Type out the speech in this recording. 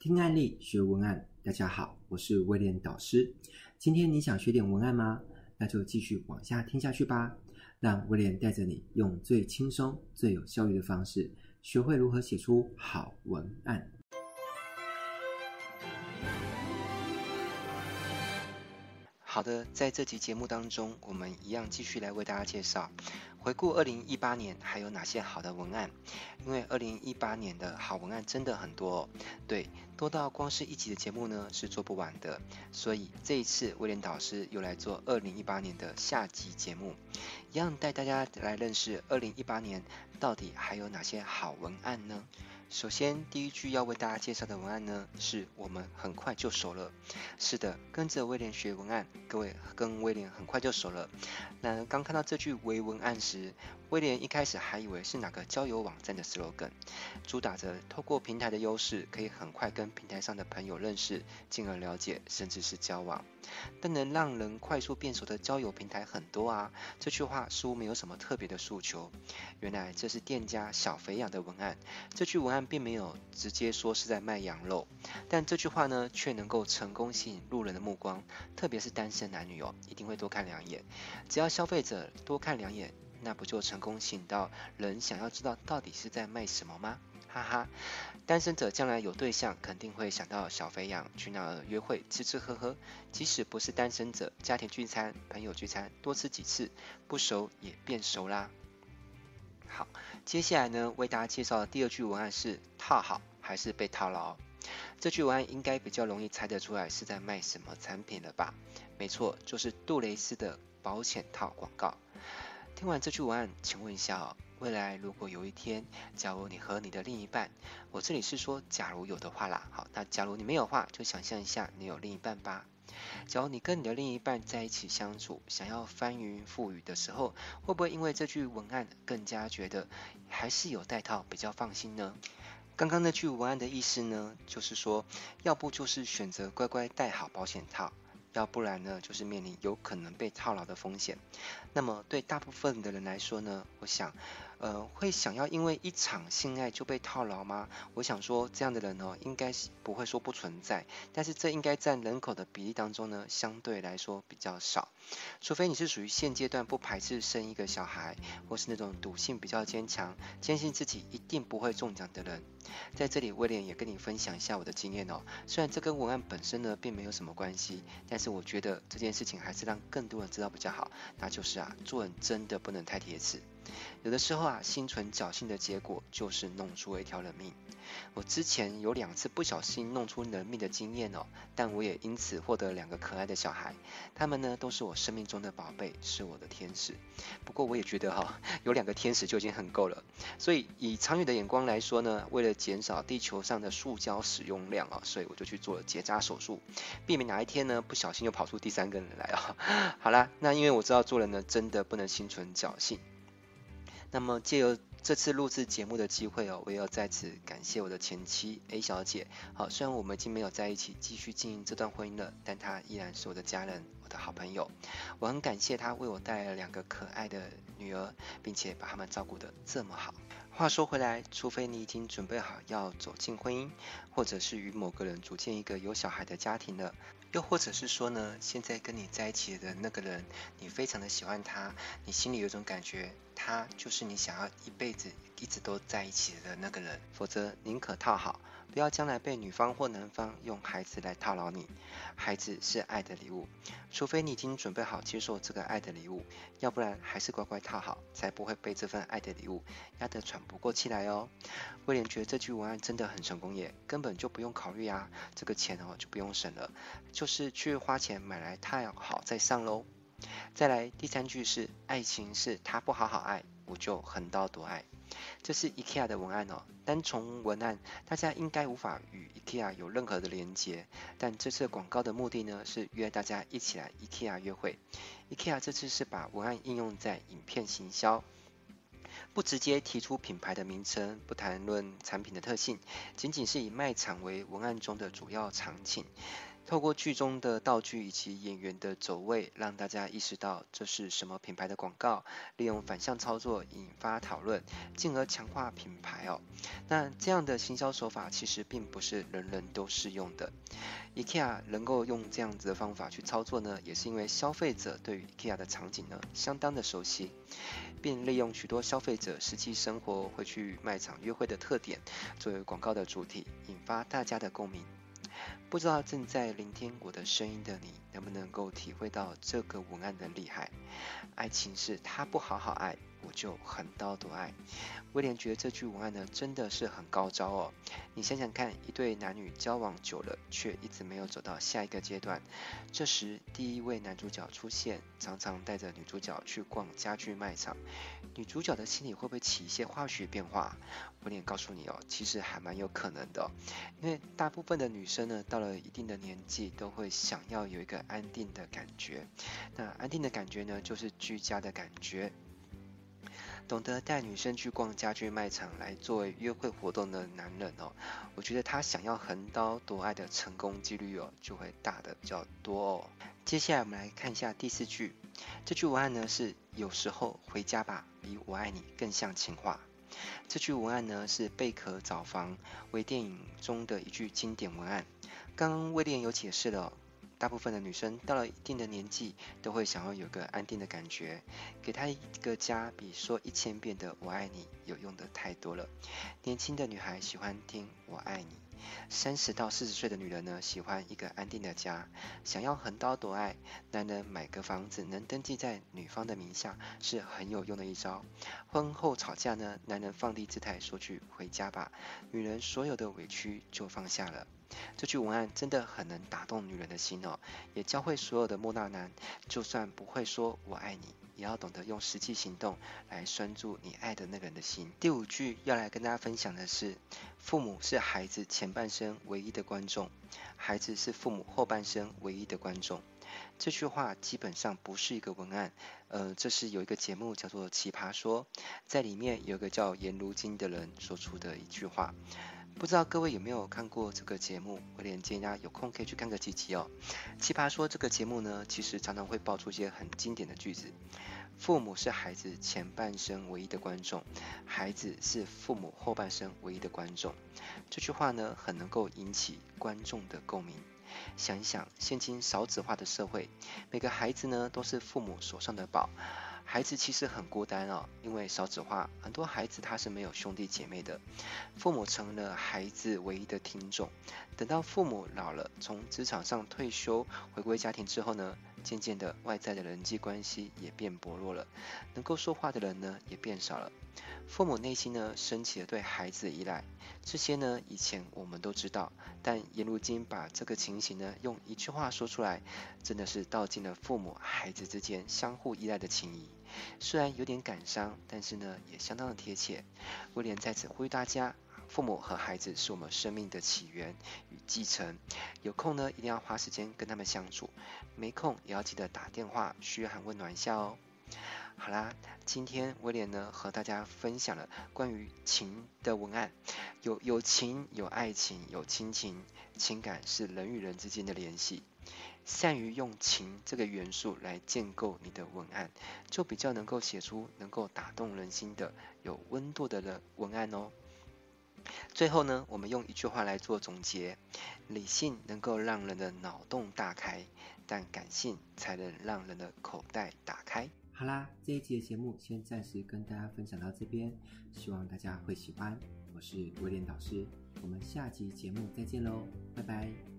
聽案例學文案，大家好，我是威廉導師。今天你想學點文案嗎？那就繼續往下聽下去吧，讓威廉帶着你用最輕鬆、最有效率的方式，學會如何寫出好文案。好的，在這集節目當中，我們一樣繼續來為大家介紹，回顧二零一八年還有哪些好的文案。因為二零一八年的好文案真的很多哦，對，多到光是一集的節目呢是做不完的。所以這一次，威廉導師又來做二零一八年的下集節目，一樣帶大家來認識二零一八年到底還有哪些好文案呢？首先，第一句要為大家介紹的文案呢，是我們很快就熟了。是的，跟着威廉學文案，各位跟威廉很快就熟了。那剛看到這句微文案時，威廉一開始還以為是哪個交友網站的 slogan，主打着透過平台的優勢，可以很快跟平台上的朋友認識，進而了解甚至是交往。但能讓人快速變熟的交友平台很多啊，這句話似乎沒有什麼特別的訴求。原來這是店家小肥羊的文案。這句文案並沒有直接說是在賣羊肉，但這句話呢，卻能夠成功吸引路人的目光，特別是單身男女哦，一定會多看兩眼。只要消費者多看兩眼。那不就成功吸引到人想要知道到底是在賣什麼嗎？哈哈，單身者將來有對象肯定會想到小肥羊去那兒約會吃吃喝喝。即使不是單身者，家庭聚餐、朋友聚餐多吃幾次，不熟也變熟啦。好，接下來呢，為大家介紹的第二句文案是“套好還是被套牢哦”，這句文案應該比較容易猜得出來是在賣什麼產品了吧？沒錯，就是杜蕾斯的保險套廣告。聽完這句文案，請問一下哦，未來如果有一天，假如你和你的另一半，我這裡是說假如有的話啦，好，那假如你沒有話，就想象一下你有另一半吧。假如你跟你的另一半在一起相處，想要翻雲覆雨的時候，會不會因為這句文案更加覺得還是有戴套比較放心呢？剛剛那句文案的意思呢，就是說要不就是選擇乖乖戴好保險套。要不然呢，就是面臨有可能被套牢的風險。那麼，對大部分的人來說呢，我想。呃，會想要因為一場性愛就被套牢嗎？我想說，這樣的人哦，應該是不會說不存在，但是這應該佔人口的比例當中呢，相對來說比較少。除非你是屬於現階段不排斥生一個小孩，或是那種賭性比較堅強，堅信自己一定不會中獎的人。在這裡，威廉也跟你分享一下我的經驗哦。雖然這跟文案本身呢並沒有什麼關係，但是我覺得這件事情還是讓更多人知道比較好。那就是啊，做人真的不能太鐵齒。有的時候啊，心存僥倖的結果就是弄出了一條人命。我之前有兩次不小心弄出人命的經驗哦，但我也因此獲得兩個可愛的小孩，他們呢都是我生命中的寶貝，是我的天使。不過我也覺得哈，有兩個天使就已經很夠了。所以以長遠的眼光來說呢，為了減少地球上的塑膠使用量啊，所以我就去做了結紮手術，避免哪一天呢不小心又跑出第三個人來啊。好啦，那因為我知道做人呢真的不能心存僥倖。那麼借由這次錄製節目的機會哦，我也要再次感謝我的前妻 A 小姐。好，雖然我們已經沒有在一起繼續經營這段婚姻了，但她依然是我的家人，我的好朋友。我很感謝她為我帶來了兩個可愛的女兒，並且把她們照顧得這麼好。話說回來，除非你已經準備好要走進婚姻，或者是與某個人組建一個有小孩的家庭了，又或者是說呢，現在跟你在一起的那個人，你非常的喜歡他，你心裡有種感覺。他就是你想要一輩子一直都在一起的那個人，否則寧可套好，不要將來被女方或男方用孩子來套牢你。孩子是愛的禮物，除非你已經準備好接受這個愛的禮物，要不然還是乖乖套好，才不會被這份愛的禮物壓得喘不過氣來哦。威廉覺得這句文案真的很成功耶，也根本就不用考慮啊，這個錢哦就不用省了，就是去花錢買來套好再上嘍。再來第三句是“愛情是他不好好愛，我就橫刀奪愛”，這是 IKEA 的文案哦。單從文案，大家應該無法與 IKEA 有任何的連接。但這次廣告的目的呢，是約大家一起來 IKEA 約會。IKEA 這次是把文案應用在影片行銷，不直接提出品牌的名稱，不談論產品的特性，僅僅是以賣場為文案中的主要場景。透過劇中的道具以及演員的走位，讓大家意識到這是什麼品牌的廣告，利用反向操作引發討論，進而強化品牌哦。那這樣的行銷手法其實並不是人人都適用的。IKEA 能夠用這樣子的方法去操作呢，也是因為消費者對於 IKEA 的場景呢相當的熟悉，並利用許多消費者實際生活會去賣場約會的特點作為廣告的主體，引發大家的共鳴。不知道正在聆聽我的聲音的你，能不能夠體會到這個文案的厲害？愛情是，他不好好愛。我就橫刀奪愛。威廉覺得這句文案呢，真的是很高招哦。你想想看，一對男女交往久了，卻一直沒有走到下一個階段，這時第一位男主角出現，常常帶着女主角去逛家具賣場，女主角的心裡會不會起一些化學變化？威廉告訴你哦，其實還蠻有可能的哦。因為大部分的女生呢，到了一定的年紀，都會想要有一個安定的感覺。那安定的感覺呢，就是居家的感覺。懂得帶女生去逛家具賣場來作為約會活動的男人哦，我覺得他想要橫刀奪愛的成功幾率哦，就會大得比較多哦。接下來我們來看一下第四句，這句文案呢是“有時候回家吧，比我愛你更像情話”。這句文案呢是《貝殼找房》微電影中的一句經典文案，剛剛威廉有解釋了哦。大部分的女生到了一定的年紀，都會想要有個安定的感覺，給她一個家，比說一千遍的“我愛你”有用的太多了。年輕的女孩喜歡聽“我愛你”，三十到四十歲的女人呢，喜歡一個安定的家，想要橫刀奪愛，男人買個房子能登記在女方的名下是很有用的一招。婚後吵架呢，男人放低姿態說句“回家吧”，女人所有的委屈就放下了。這句文案真的很能打動女人的心哦，也教會所有的木訥男，就算不會說“我愛你”，也要懂得用實際行動來拴住你愛的那個人的心。第五句要來跟大家分享的是，父母是孩子前半生唯一的觀眾，孩子是父母後半生唯一的觀眾。這句話基本上不是一個文案，呃，這是有一個節目叫做《奇葩說》，在裡面有一個叫顏如晶的人說出的一句話。不知道各位有沒有看過這個節目？我連接呀，有空可以去看個幾集哦。奇葩說這個節目呢，其實常常會爆出一些很經典的句子：“父母是孩子前半生唯一的觀眾，孩子是父母後半生唯一的觀眾。”這句話呢，很能夠引起觀眾的共鳴。想一想，現今少子化的社會，每個孩子呢，都是父母手上的寶。孩子其實很孤單哦，因為少子化，很多孩子他是沒有兄弟姐妹的，父母成了孩子唯一的聽眾。等到父母老了，從職場上退休，回歸家庭之後呢，漸漸的外在的人際關係也變薄弱了，能夠說話的人呢也變少了，父母內心呢升起了對孩子的依賴。這些呢以前我們都知道，但顏如晶把這個情形呢用一句話說出來，真的是道盡了父母孩子之間相互依賴的情誼。雖然有點感傷，但是呢，也相當的貼切。威廉在此呼籲大家：父母和孩子是我們生命的起源與繼承，有空呢一定要花時間跟他們相處，沒空也要記得打電話噓寒問暖一下哦。好啦，今天威廉呢和大家分享了關於情的文案，有友情、有愛情、有親情，情感是人與人之間的聯繫。善於用情這個元素來建構你的文案，就比較能夠寫出能夠打動人心的有溫度的文案哦。最後呢，我們用一句話來做總結：理性能夠讓人的腦洞大開，但感性才能讓人的口袋打開。好啦，這一期的節目先暫時跟大家分享到這邊，希望大家會喜歡。我是威廉導師，我們下期節目再見嘍，拜拜。